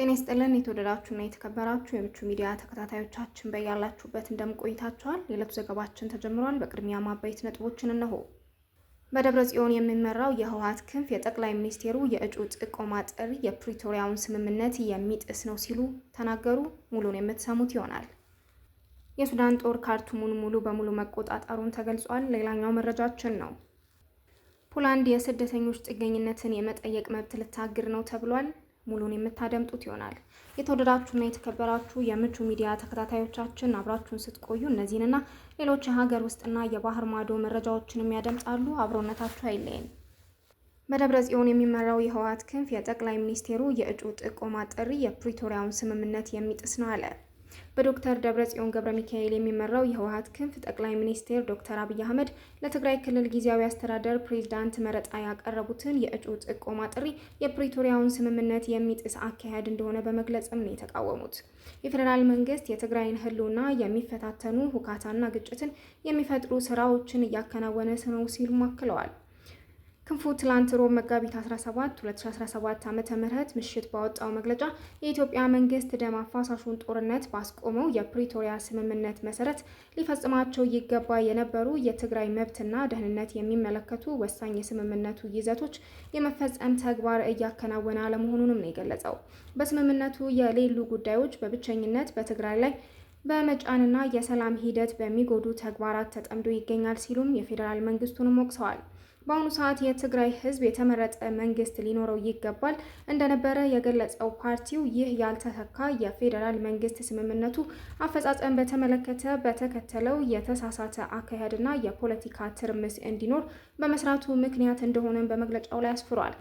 ጤና ይስጥልን የተወደዳችሁና የተከበራችሁ የምቹ ሚዲያ ተከታታዮቻችን በያላችሁበት እንደምን ቆይታችኋል? የዕለቱ ዘገባችን ተጀምሯል። በቅድሚያ አበይት ነጥቦችን እነሆ። በደብረ ጽዮን የሚመራው የህወሀት ክንፍ የጠቅላይ ሚኒስቴሩ የእጩ ጥቆማ ጥሪ የፕሪቶሪያውን ስምምነት የሚጥስ ነው ሲሉ ተናገሩ። ሙሉን የምትሰሙት ይሆናል። የሱዳን ጦር ካርቱሙን ሙሉ በሙሉ መቆጣጠሩን ተገልጿል። ሌላኛው መረጃችን ነው። ፖላንድ የስደተኞች ጥገኝነትን የመጠየቅ መብት ልታግር ነው ተብሏል። ሙሉን የምታደምጡት ይሆናል። የተወደዳችሁና የተከበራችሁ የምቹ ሚዲያ ተከታታዮቻችን አብራችሁን ስትቆዩ እነዚህንና ሌሎች የሀገር ውስጥና የባህር ማዶ መረጃዎችን የሚያደምጣሉ። አብሮነታችሁ አይለየን። በደብረ ጽዮን የሚመራው የህወሓት ክንፍ የጠቅላይ ሚኒስቴሩ የእጩ ጥቆማ ጥሪ የፕሪቶሪያውን ስምምነት የሚጥስ ነው አለ። በዶክተር ደብረጽዮን ገብረ ሚካኤል የሚመራው የህወሀት ክንፍ ጠቅላይ ሚኒስትር ዶክተር አብይ አህመድ ለትግራይ ክልል ጊዜያዊ አስተዳደር ፕሬዚዳንት መረጣ ያቀረቡትን የእጩ ጥቆማ ጥሪ የፕሪቶሪያውን ስምምነት የሚጥስ አካሄድ እንደሆነ በመግለጽም ነው የተቃወሙት። የፌዴራል መንግስት የትግራይን ህልውና የሚፈታተኑ ሁካታና ግጭትን የሚፈጥሩ ስራዎችን እያከናወነ ነው ሲሉም አክለዋል። ክንፉ ትላንት ሮብ መጋቢት 17 2017 ዓመተ ምሽት ባወጣው መግለጫ የኢትዮጵያ መንግስት ደም አፋሳሹን ጦርነት ባስቆመው የፕሪቶሪያ ስምምነት መሰረት ሊፈጽማቸው ይገባ የነበሩ የትግራይ መብትና ደህንነት የሚመለከቱ ወሳኝ የስምምነቱ ይዘቶች የመፈጸም ተግባር እያከናወነ አለመሆኑንም ነው የገለጸው። በስምምነቱ የሌሉ ጉዳዮች በብቸኝነት በትግራይ ላይ በመጫንና የሰላም ሂደት በሚጎዱ ተግባራት ተጠምዶ ይገኛል ሲሉም የፌዴራል መንግስቱንም ወቅሰዋል። በአሁኑ ሰዓት የትግራይ ህዝብ የተመረጠ መንግስት ሊኖረው ይገባል እንደነበረ የገለጸው ፓርቲው ይህ ያልተተካ የፌዴራል መንግስት ስምምነቱ አፈጻጸም በተመለከተ በተከተለው የተሳሳተ አካሄድና የፖለቲካ ትርምስ እንዲኖር በመስራቱ ምክንያት እንደሆነም በመግለጫው ላይ አስፍሯል።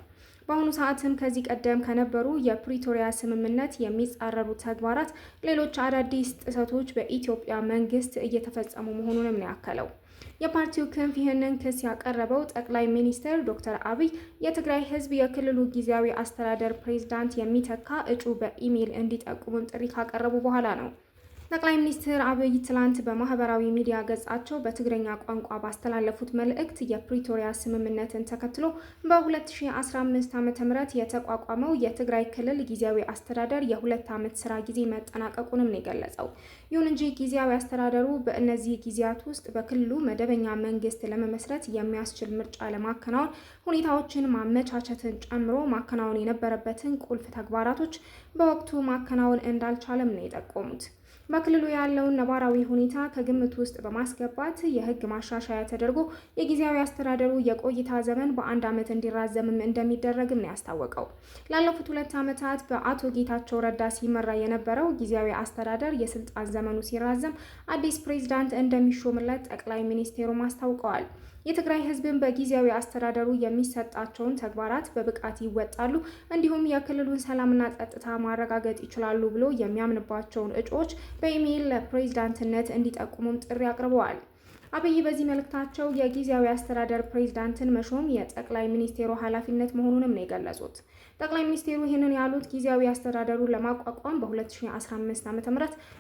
በአሁኑ ሰዓትም ከዚህ ቀደም ከነበሩ የፕሪቶሪያ ስምምነት የሚጻረሩ ተግባራት ሌሎች አዳዲስ ጥሰቶች በኢትዮጵያ መንግስት እየተፈጸሙ መሆኑንም ነው ያከለው። የፓርቲው ክንፍ ይህንን ክስ ያቀረበው ጠቅላይ ሚኒስትር ዶክተር አብይ የትግራይ ህዝብ የክልሉ ጊዜያዊ አስተዳደር ፕሬዝዳንት የሚተካ እጩ በኢሜይል እንዲጠቁሙን ጥሪ ካቀረቡ በኋላ ነው። ጠቅላይ ሚኒስትር አብይ ትላንት በማህበራዊ ሚዲያ ገጻቸው በትግረኛ ቋንቋ ባስተላለፉት መልእክት የፕሪቶሪያ ስምምነትን ተከትሎ በ2015 ዓ ም የተቋቋመው የትግራይ ክልል ጊዜያዊ አስተዳደር የሁለት ዓመት ስራ ጊዜ መጠናቀቁንም ነው የገለጸው። ይሁን እንጂ ጊዜያዊ አስተዳደሩ በእነዚህ ጊዜያት ውስጥ በክልሉ መደበኛ መንግስት ለመመስረት የሚያስችል ምርጫ ለማከናወን ሁኔታዎችን ማመቻቸትን ጨምሮ ማከናወን የነበረበትን ቁልፍ ተግባራቶች በወቅቱ ማከናወን እንዳልቻለም ነው የጠቆሙት። በክልሉ ያለውን ነባራዊ ሁኔታ ከግምት ውስጥ በማስገባት የህግ ማሻሻያ ተደርጎ የጊዜያዊ አስተዳደሩ የቆይታ ዘመን በአንድ ዓመት እንዲራዘምም እንደሚደረግም ነው ያስታወቀው። ላለፉት ሁለት ዓመታት በአቶ ጌታቸው ረዳ ሲመራ የነበረው ጊዜያዊ አስተዳደር የስልጣን ዘመኑ ሲራዘም አዲስ ፕሬዝዳንት እንደሚሾምለት ጠቅላይ ሚኒስቴሩም አስታውቀዋል። የትግራይ ህዝብን በጊዜያዊ አስተዳደሩ የሚሰጣቸውን ተግባራት በብቃት ይወጣሉ፣ እንዲሁም የክልሉን ሰላምና ጸጥታ ማረጋገጥ ይችላሉ ብሎ የሚያምንባቸውን እጩዎች በኢሜይል ለፕሬዚዳንትነት እንዲጠቁሙም ጥሪ አቅርበዋል። አብይ በዚህ መልእክታቸው የጊዜያዊ አስተዳደር ፕሬዚዳንትን መሾም የጠቅላይ ሚኒስቴሩ ኃላፊነት መሆኑንም ነው የገለጹት። ጠቅላይ ሚኒስቴሩ ይህንን ያሉት ጊዜያዊ አስተዳደሩን ለማቋቋም በ2015 ዓ ም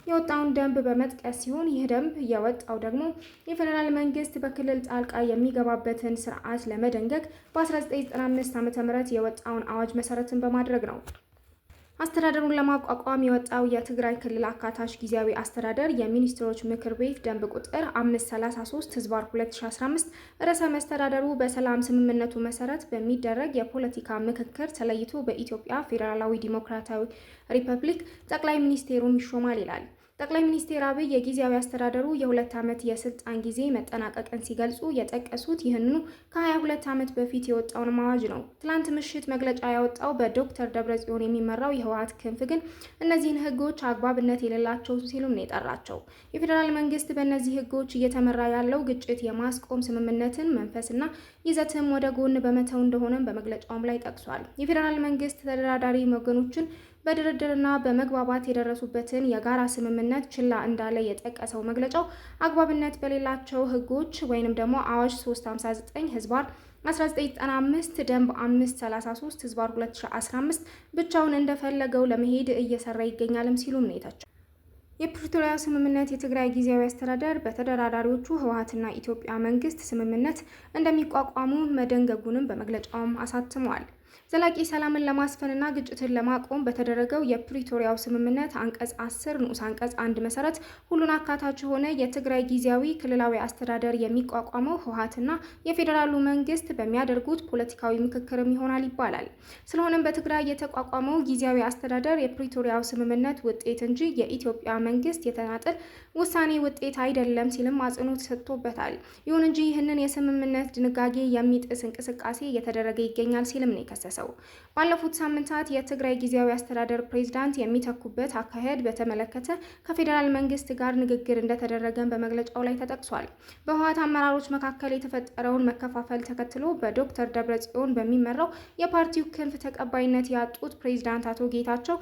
የወጣውን ደንብ በመጥቀስ ሲሆን ይህ ደንብ የወጣው ደግሞ የፌዴራል መንግስት በክልል ጣልቃ የሚገባበትን ስርዓት ለመደንገግ በ1995 ዓ ም የወጣውን አዋጅ መሰረትን በማድረግ ነው። አስተዳደሩን ለማቋቋም የወጣው የትግራይ ክልል አካታች ጊዜያዊ አስተዳደር የሚኒስትሮች ምክር ቤት ደንብ ቁጥር 533 ህዝባር 2015 ርዕሰ መስተዳደሩ በሰላም ስምምነቱ መሰረት በሚደረግ የፖለቲካ ምክክር ተለይቶ በኢትዮጵያ ፌዴራላዊ ዲሞክራሲያዊ ሪፐብሊክ ጠቅላይ ሚኒስቴሩን ይሾማል ይላል። ጠቅላይ ሚኒስትር አብይ የጊዜያዊ አስተዳደሩ የሁለት ዓመት የስልጣን ጊዜ መጠናቀቅን ሲገልጹ የጠቀሱት ይህንኑ ከ22 ዓመት በፊት የወጣውን አዋጅ ነው። ትላንት ምሽት መግለጫ ያወጣው በዶክተር ደብረጽዮን የሚመራው የህወሀት ክንፍ ግን እነዚህን ህጎች አግባብነት የሌላቸው ሲሉም ነው የጠራቸው። የፌዴራል መንግስት በእነዚህ ህጎች እየተመራ ያለው ግጭት የማስቆም ስምምነትን መንፈስና ይዘትም ወደ ጎን በመተው እንደሆነም በመግለጫውም ላይ ጠቅሷል። የፌዴራል መንግስት ተደራዳሪ ወገኖችን በድርድርና በመግባባት የደረሱበትን የጋራ ስምምነት ችላ እንዳለ የጠቀሰው መግለጫው አግባብነት በሌላቸው ህጎች ወይንም ደግሞ አዋጅ 359 ህዝባር 1995 ደንብ 533 ህዝባር 2015 ብቻውን እንደፈለገው ለመሄድ እየሰራ ይገኛልም ሲሉም ነው የፕሪቶሪያ ስምምነት የትግራይ ጊዜያዊ አስተዳደር በተደራዳሪዎቹ ህወሀትና ኢትዮጵያ መንግስት ስምምነት እንደሚቋቋሙ መደንገጉንም በመግለጫውም አሳትመዋል። ዘላቂ ሰላምን ለማስፈንና ግጭትን ለማቆም በተደረገው የፕሪቶሪያው ስምምነት አንቀጽ 10 ንዑስ አንቀጽ አንድ መሰረት ሁሉን አካታች የሆነ የትግራይ ጊዜያዊ ክልላዊ አስተዳደር የሚቋቋመው ህወሓትና የፌዴራሉ መንግስት በሚያደርጉት ፖለቲካዊ ምክክርም ይሆናል ይባላል። ስለሆነም በትግራይ የተቋቋመው ጊዜያዊ አስተዳደር የፕሪቶሪያው ስምምነት ውጤት እንጂ የኢትዮጵያ መንግስት የተናጠል ውሳኔ ውጤት አይደለም ሲልም አጽንኦት ሰጥቶበታል። ይሁን እንጂ ይህንን የስምምነት ድንጋጌ የሚጥስ እንቅስቃሴ እየተደረገ ይገኛል ሲልም ነው የከሰሰ የተጠቀሰው። ባለፉት ሳምንታት የትግራይ ጊዜያዊ አስተዳደር ፕሬዝዳንት የሚተኩበት አካሄድ በተመለከተ ከፌዴራል መንግስት ጋር ንግግር እንደተደረገን በመግለጫው ላይ ተጠቅሷል። በህወሓት አመራሮች መካከል የተፈጠረውን መከፋፈል ተከትሎ በዶክተር ደብረጽዮን በሚመራው የፓርቲው ክንፍ ተቀባይነት ያጡት ፕሬዝዳንት አቶ ጌታቸው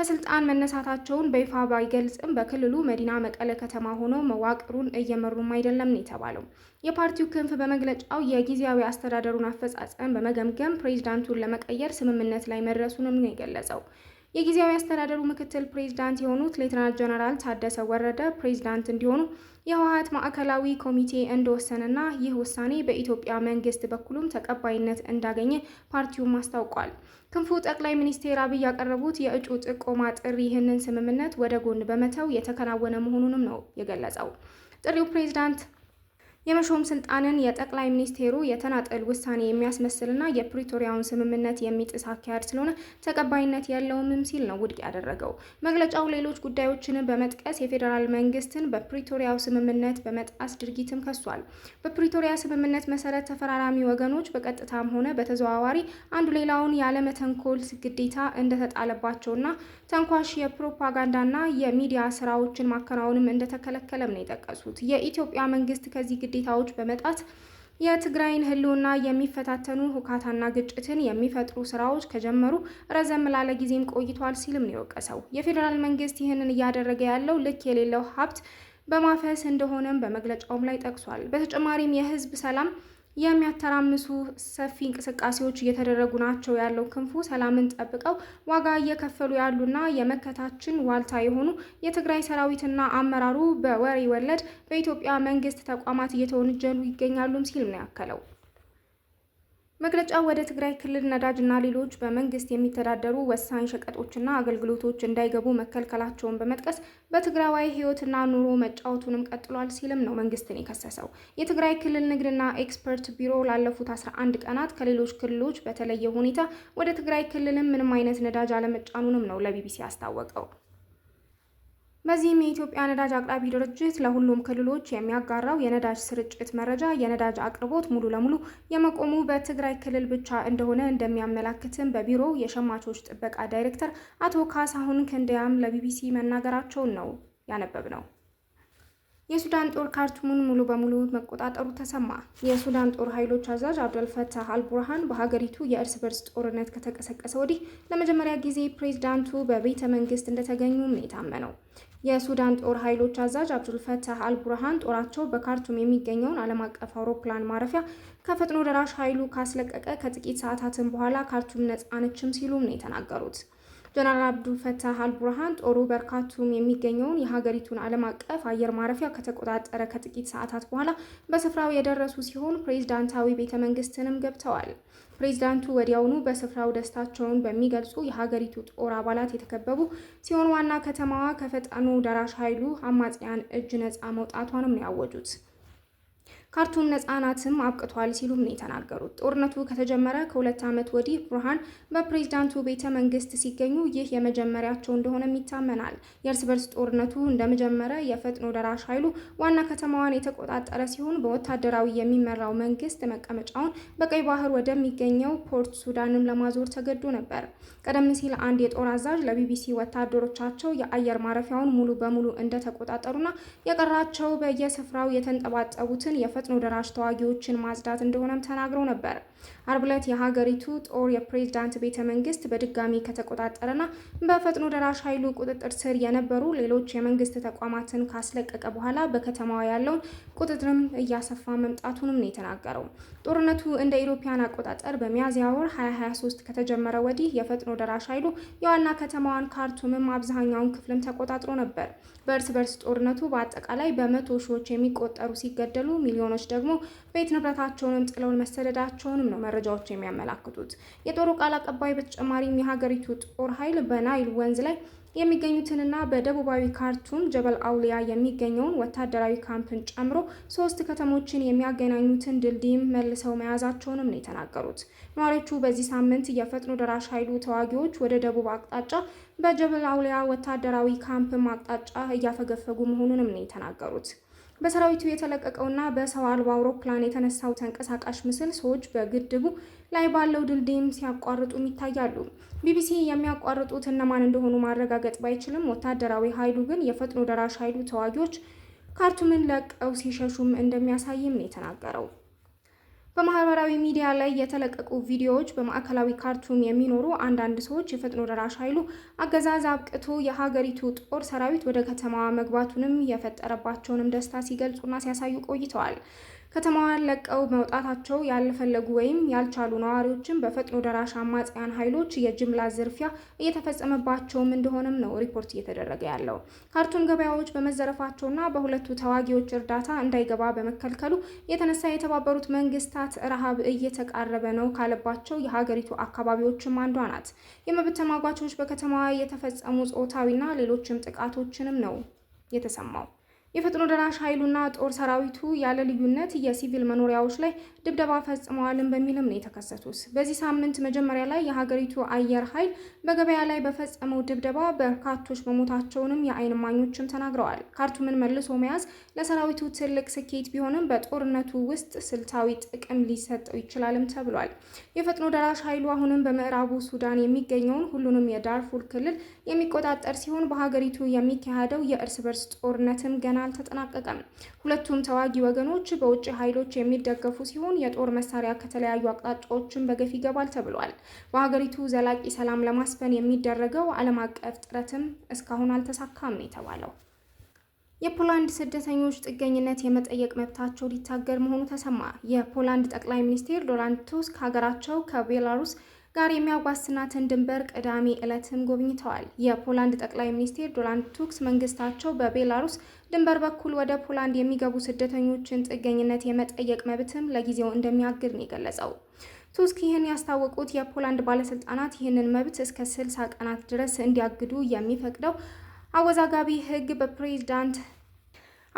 ከስልጣን መነሳታቸውን በይፋ ባይገልጽም በክልሉ መዲና መቀለ ከተማ ሆነው መዋቅሩን እየመሩም አይደለም ነው የተባለው። የፓርቲው ክንፍ በመግለጫው የጊዜያዊ አስተዳደሩን አፈጻጸም በመገምገም ፕሬዚዳንቱን ለመቀየር ስምምነት ላይ መድረሱንም ነው የገለጸው። የጊዜያዊ አስተዳደሩ ምክትል ፕሬዚዳንት የሆኑት ሌተናል ጀነራል ታደሰ ወረደ ፕሬዚዳንት እንዲሆኑ የህወሀት ማዕከላዊ ኮሚቴ እንደወሰነና ይህ ውሳኔ በኢትዮጵያ መንግስት በኩሉም ተቀባይነት እንዳገኘ ፓርቲውም አስታውቋል። ክንፉ ጠቅላይ ሚኒስቴር አብይ ያቀረቡት የእጩ ጥቆማ ጥሪ ይህንን ስምምነት ወደ ጎን በመተው የተከናወነ መሆኑንም ነው የገለጸው። ጥሪው ፕሬዚዳንት የመሾም ስልጣንን የጠቅላይ ሚኒስቴሩ የተናጠል ውሳኔ የሚያስመስልና የፕሪቶሪያውን ስምምነት የሚጥስ አካሄድ ስለሆነ ተቀባይነት የለውምም ሲል ነው ውድቅ ያደረገው። መግለጫው ሌሎች ጉዳዮችን በመጥቀስ የፌዴራል መንግስትን በፕሪቶሪያው ስምምነት በመጣስ ድርጊትም ከሷል። በፕሪቶሪያ ስምምነት መሰረት ተፈራራሚ ወገኖች በቀጥታም ሆነ በተዘዋዋሪ አንዱ ሌላውን ያለመተንኮል ግዴታ እንደተጣለባቸውና ተንኳሽ የፕሮፓጋንዳና የሚዲያ ስራዎችን ማከናወንም እንደተከለከለም ነው የጠቀሱት። የኢትዮጵያ መንግስት ከዚህ ግዴታዎች በመጣት የትግራይን ህልውና የሚፈታተኑ ሁካታና ግጭትን የሚፈጥሩ ስራዎች ከጀመሩ ረዘም ላለ ጊዜም ቆይቷል ሲልም ነው የወቀሰው። የፌዴራል መንግስት ይህንን እያደረገ ያለው ልክ የሌለው ሀብት በማፈስ እንደሆነም በመግለጫውም ላይ ጠቅሷል። በተጨማሪም የህዝብ ሰላም የሚያተራምሱ ሰፊ እንቅስቃሴዎች እየተደረጉ ናቸው ያለው ክንፉ ሰላምን ጠብቀው ዋጋ እየከፈሉ ያሉና የመከታችን ዋልታ የሆኑ የትግራይ ሰራዊትና አመራሩ በወሬ ወለድ በኢትዮጵያ መንግስት ተቋማት እየተወነጀሉ ይገኛሉም ሲል ነው ያከለው። መግለጫው ወደ ትግራይ ክልል ነዳጅና ሌሎች በመንግስት የሚተዳደሩ ወሳኝ ሸቀጦችና አገልግሎቶች እንዳይገቡ መከልከላቸውን በመጥቀስ በትግራዋይ ህይወትና ኑሮ መጫወቱንም ቀጥሏል ሲልም ነው መንግስትን የከሰሰው። የትግራይ ክልል ንግድና ኤክስፐርት ቢሮ ላለፉት 11 ቀናት ከሌሎች ክልሎች በተለየ ሁኔታ ወደ ትግራይ ክልልም ምንም አይነት ነዳጅ አለመጫኑንም ነው ለቢቢሲ አስታወቀው። በዚህም የኢትዮጵያ ነዳጅ አቅራቢ ድርጅት ለሁሉም ክልሎች የሚያጋራው የነዳጅ ስርጭት መረጃ የነዳጅ አቅርቦት ሙሉ ለሙሉ የመቆሙ በትግራይ ክልል ብቻ እንደሆነ እንደሚያመላክትም በቢሮው የሸማቾች ጥበቃ ዳይሬክተር አቶ ካሳሁን ክንደያም ለቢቢሲ መናገራቸውን ነው ያነበብ ነው። የሱዳን ጦር ካርቱምን ሙሉ በሙሉ መቆጣጠሩ ተሰማ። የሱዳን ጦር ኃይሎች አዛዥ አብደልፈታህ አልቡርሃን በሀገሪቱ የእርስ በርስ ጦርነት ከተቀሰቀሰ ወዲህ ለመጀመሪያ ጊዜ ፕሬዝዳንቱ በቤተ መንግስት እንደተገኙም የታመነው የሱዳን ጦር ኃይሎች አዛዥ አብዱልፈታህ አልቡርሃን ጦራቸው በካርቱም የሚገኘውን ዓለም አቀፍ አውሮፕላን ማረፊያ ከፈጥኖ ደራሽ ኃይሉ ካስለቀቀ ከጥቂት ሰዓታትን በኋላ ካርቱም ነፃ ነችም ሲሉም ነው የተናገሩት። ጀነራል አብዱል ፈታህ አልቡርሃን ጦሩ በርካቱም የሚገኘውን የሀገሪቱን ዓለም አቀፍ አየር ማረፊያ ከተቆጣጠረ ከጥቂት ሰዓታት በኋላ በስፍራው የደረሱ ሲሆን ፕሬዝዳንታዊ ቤተ መንግስትንም ገብተዋል። ፕሬዝዳንቱ ወዲያውኑ በስፍራው ደስታቸውን በሚገልጹ የሀገሪቱ ጦር አባላት የተከበቡ ሲሆን ዋና ከተማዋ ከፈጣኑ ደራሽ ኃይሉ አማጽያን እጅ ነፃ መውጣቷንም ነው ያወጁት። ካርቱም ነጻናትም አብቅቷል ሲሉም ነው የተናገሩት። ጦርነቱ ከተጀመረ ከሁለት ዓመት ወዲህ ቡርሃን በፕሬዝዳንቱ ቤተ መንግስት ሲገኙ ይህ የመጀመሪያቸው እንደሆነም ይታመናል። የእርስ በርስ ጦርነቱ እንደመጀመረ የፈጥኖ ደራሽ ኃይሉ ዋና ከተማዋን የተቆጣጠረ ሲሆን በወታደራዊ የሚመራው መንግስት መቀመጫውን በቀይ ባህር ወደሚገኘው ፖርት ሱዳንም ለማዞር ተገዶ ነበር። ቀደም ሲል አንድ የጦር አዛዥ ለቢቢሲ ወታደሮቻቸው የአየር ማረፊያውን ሙሉ በሙሉ እንደተቆጣጠሩና የቀራቸው በየስፍራው የተንጠባጠቡትን የፈጥኖ ደራሽ ተዋጊዎችን ማጽዳት እንደሆነም ተናግረው ነበር። አርብ ዕለት የሀገሪቱ ጦር የፕሬዝዳንት ቤተ መንግስት በድጋሚ ከተቆጣጠረና በፈጥኖ ደራሽ ኃይሉ ቁጥጥር ስር የነበሩ ሌሎች የመንግስት ተቋማትን ካስለቀቀ በኋላ በከተማዋ ያለውን ቁጥጥርም እያሰፋ መምጣቱንም ነው የተናገረው። ጦርነቱ እንደ ኢሮፓያን አቆጣጠር በሚያዝያ ወር 2023 ከተጀመረ ወዲህ የፈጥኖ ደራሽ ኃይሉ የዋና ከተማዋን ካርቱምም አብዛኛውን ክፍልም ተቆጣጥሮ ነበር። በእርስ በርስ ጦርነቱ በአጠቃላይ በመቶ ሺዎች የሚቆጠሩ ሲገደሉ፣ ሚሊዮኖች ደግሞ ቤት ንብረታቸውንም ጥለውን መሰደዳቸውንም ነው መረጃዎች የሚያመላክቱት። የጦሩ ቃል አቀባይ በተጨማሪም የሀገሪቱ ጦር ኃይል በናይል ወንዝ ላይ የሚገኙትንና በደቡባዊ ካርቱም ጀበል አውሊያ የሚገኘውን ወታደራዊ ካምፕን ጨምሮ ሶስት ከተሞችን የሚያገናኙትን ድልድይም መልሰው መያዛቸውንም ነው የተናገሩት። ነዋሪዎቹ በዚህ ሳምንት የፈጥኖ ደራሽ ኃይሉ ተዋጊዎች ወደ ደቡብ አቅጣጫ በጀበል አውሊያ ወታደራዊ ካምፕም አቅጣጫ እያፈገፈጉ መሆኑንም ነው የተናገሩት። በሰራዊቱ የተለቀቀውና በሰው አልባ አውሮፕላን የተነሳው ተንቀሳቃሽ ምስል ሰዎች በግድቡ ላይ ባለው ድልድይም ሲያቋርጡም ይታያሉ። ቢቢሲ የሚያቋርጡት እነማን እንደሆኑ ማረጋገጥ ባይችልም ወታደራዊ ኃይሉ ግን የፈጥኖ ደራሽ ኃይሉ ተዋጊዎች ካርቱምን ለቀው ሲሸሹም እንደሚያሳይም ነው የተናገረው። በማህበራዊ ሚዲያ ላይ የተለቀቁ ቪዲዮዎች በማዕከላዊ ካርቱም የሚኖሩ አንዳንድ ሰዎች የፈጥኖ ደራሽ ኃይሉ አገዛዝ አብቅቶ የሀገሪቱ ጦር ሰራዊት ወደ ከተማዋ መግባቱንም የፈጠረባቸውንም ደስታ ሲገልጹና ሲያሳዩ ቆይተዋል። ከተማዋን ለቀው መውጣታቸው ያልፈለጉ ወይም ያልቻሉ ነዋሪዎችን በፈጥኖ ደራሽ አማጽያን ኃይሎች የጅምላ ዝርፊያ እየተፈጸመባቸውም እንደሆነም ነው ሪፖርት እየተደረገ ያለው። ካርቱም ገበያዎች በመዘረፋቸውና በሁለቱ ተዋጊዎች እርዳታ እንዳይገባ በመከልከሉ የተነሳ የተባበሩት መንግስታት ረሃብ እየተቃረበ ነው ካለባቸው የሀገሪቱ አካባቢዎችም አንዷ ናት። የመብት ተሟጋቾች በከተማዋ የተፈጸሙ ጾታዊና ሌሎችም ጥቃቶችንም ነው የተሰማው። የፈጥኖ ደራሽ ኃይሉና ጦር ሰራዊቱ ያለ ልዩነት የሲቪል መኖሪያዎች ላይ ድብደባ ፈጽመዋልን በሚልም ነው የተከሰቱት። በዚህ ሳምንት መጀመሪያ ላይ የሀገሪቱ አየር ኃይል በገበያ ላይ በፈጸመው ድብደባ በርካቶች መሞታቸውንም የአይን ማኞችም ተናግረዋል። ካርቱምን መልሶ መያዝ ለሰራዊቱ ትልቅ ስኬት ቢሆንም በጦርነቱ ውስጥ ስልታዊ ጥቅም ሊሰጠው ይችላልም ተብሏል። የፈጥኖ ደራሽ ኃይሉ አሁንም በምዕራቡ ሱዳን የሚገኘውን ሁሉንም የዳርፉር ክልል የሚቆጣጠር ሲሆን በሀገሪቱ የሚካሄደው የእርስ በርስ ጦርነትም ገና አልተጠናቀቀም። ሁለቱም ተዋጊ ወገኖች በውጭ ኃይሎች የሚደገፉ ሲሆን የጦር መሳሪያ ከተለያዩ አቅጣጫዎችን በገፍ ይገባል ተብሏል። በሀገሪቱ ዘላቂ ሰላም ለማስፈን የሚደረገው ዓለም አቀፍ ጥረትም እስካሁን አልተሳካም ነው የተባለው። የፖላንድ ስደተኞች ጥገኝነት የመጠየቅ መብታቸው ሊታገድ መሆኑ ተሰማ። የፖላንድ ጠቅላይ ሚኒስትር ዶናልድ ቱስክ ሀገራቸው ከቤላሩስ ጋር የሚያዋስናትን ድንበር ቅዳሜ ዕለትም ጎብኝተዋል። የፖላንድ ጠቅላይ ሚኒስትር ዶናልድ ቱክስ መንግስታቸው በቤላሩስ ድንበር በኩል ወደ ፖላንድ የሚገቡ ስደተኞችን ጥገኝነት የመጠየቅ መብትም ለጊዜው እንደሚያግድ ነው የገለጸው። ቱስክ ይህን ያስታወቁት የፖላንድ ባለስልጣናት ይህንን መብት እስከ ስልሳ ቀናት ድረስ እንዲያግዱ የሚፈቅደው አወዛጋቢ ህግ በፕሬዚዳንት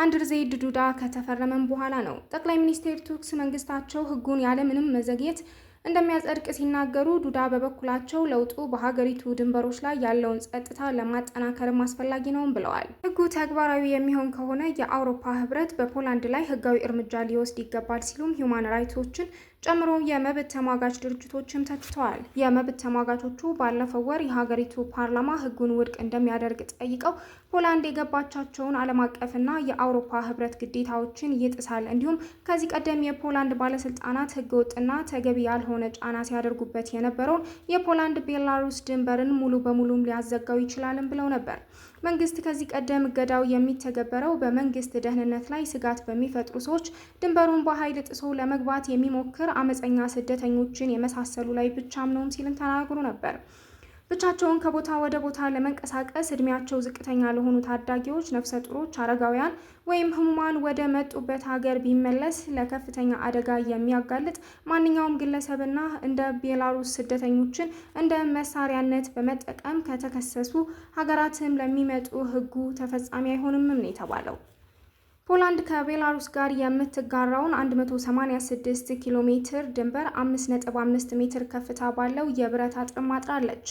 አንድርዜይ ዱዳ ከተፈረመም በኋላ ነው። ጠቅላይ ሚኒስትር ቱክስ መንግስታቸው ህጉን ያለምንም መዘግየት እንደሚያጸድቅ ሲናገሩ ዱዳ በበኩላቸው ለውጡ በሀገሪቱ ድንበሮች ላይ ያለውን ጸጥታ ለማጠናከርም አስፈላጊ ነውም ብለዋል። ህጉ ተግባራዊ የሚሆን ከሆነ የአውሮፓ ህብረት በፖላንድ ላይ ህጋዊ እርምጃ ሊወስድ ይገባል ሲሉም ሂውማን ራይትስ ጨምሮ የመብት ተሟጋች ድርጅቶችም ተችተዋል። የመብት ተሟጋቾቹ ባለፈው ወር የሀገሪቱ ፓርላማ ህጉን ውድቅ እንደሚያደርግ ጠይቀው ፖላንድ የገባቻቸውን ዓለም አቀፍና የአውሮፓ ህብረት ግዴታዎችን ይጥሳል፣ እንዲሁም ከዚህ ቀደም የፖላንድ ባለስልጣናት ወጥና ተገቢ ያልሆነ ጫና ሲያደርጉበት የነበረውን የፖላንድ ቤላሩስ ድንበርን ሙሉ በሙሉም ሊያዘጋው ይችላልም ብለው ነበር። መንግስት ከዚህ ቀደም እገዳው የሚተገበረው በመንግስት ደህንነት ላይ ስጋት በሚፈጥሩ ሰዎች ድንበሩን በኃይል ጥሶ ለመግባት የሚሞክር አመፀኛ ስደተኞችን የመሳሰሉ ላይ ብቻም ነውም ሲልም ተናግሮ ነበር። ብቻቸውን ከቦታ ወደ ቦታ ለመንቀሳቀስ እድሜያቸው ዝቅተኛ ለሆኑ ታዳጊዎች፣ ነፍሰ ጡሮች፣ አረጋውያን ወይም ህሙማን ወደ መጡበት ሀገር ቢመለስ ለከፍተኛ አደጋ የሚያጋልጥ ማንኛውም ግለሰብና እንደ ቤላሩስ ስደተኞችን እንደ መሳሪያነት በመጠቀም ከተከሰሱ ሀገራትም ለሚመጡ ህጉ ተፈጻሚ አይሆንም ነው የተባለው። ፖላንድ ከቤላሩስ ጋር የምትጋራውን 186 ኪሎ ሜትር ድንበር 5.5 ሜትር ከፍታ ባለው የብረት አጥርም አጥራለች።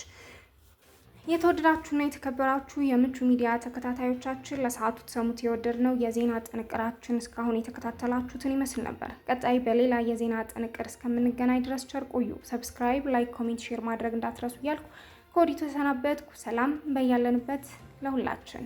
የተወደዳችሁና የተከበራችሁ የምቹ ሚዲያ ተከታታዮቻችን ለሰዓቱ ተሰሙት የወደድነው የዜና ጥንቅራችን እስካሁን የተከታተላችሁትን ይመስል ነበር። ቀጣይ በሌላ የዜና ጥንቅር እስከምንገናኝ ድረስ ቸር ቆዩ። ሰብስክራይብ፣ ላይክ፣ ኮሜንት፣ ሼር ማድረግ እንዳትረሱ እያልኩ ከወዲቱ ተሰናበትኩ። ሰላም በያለንበት ለሁላችን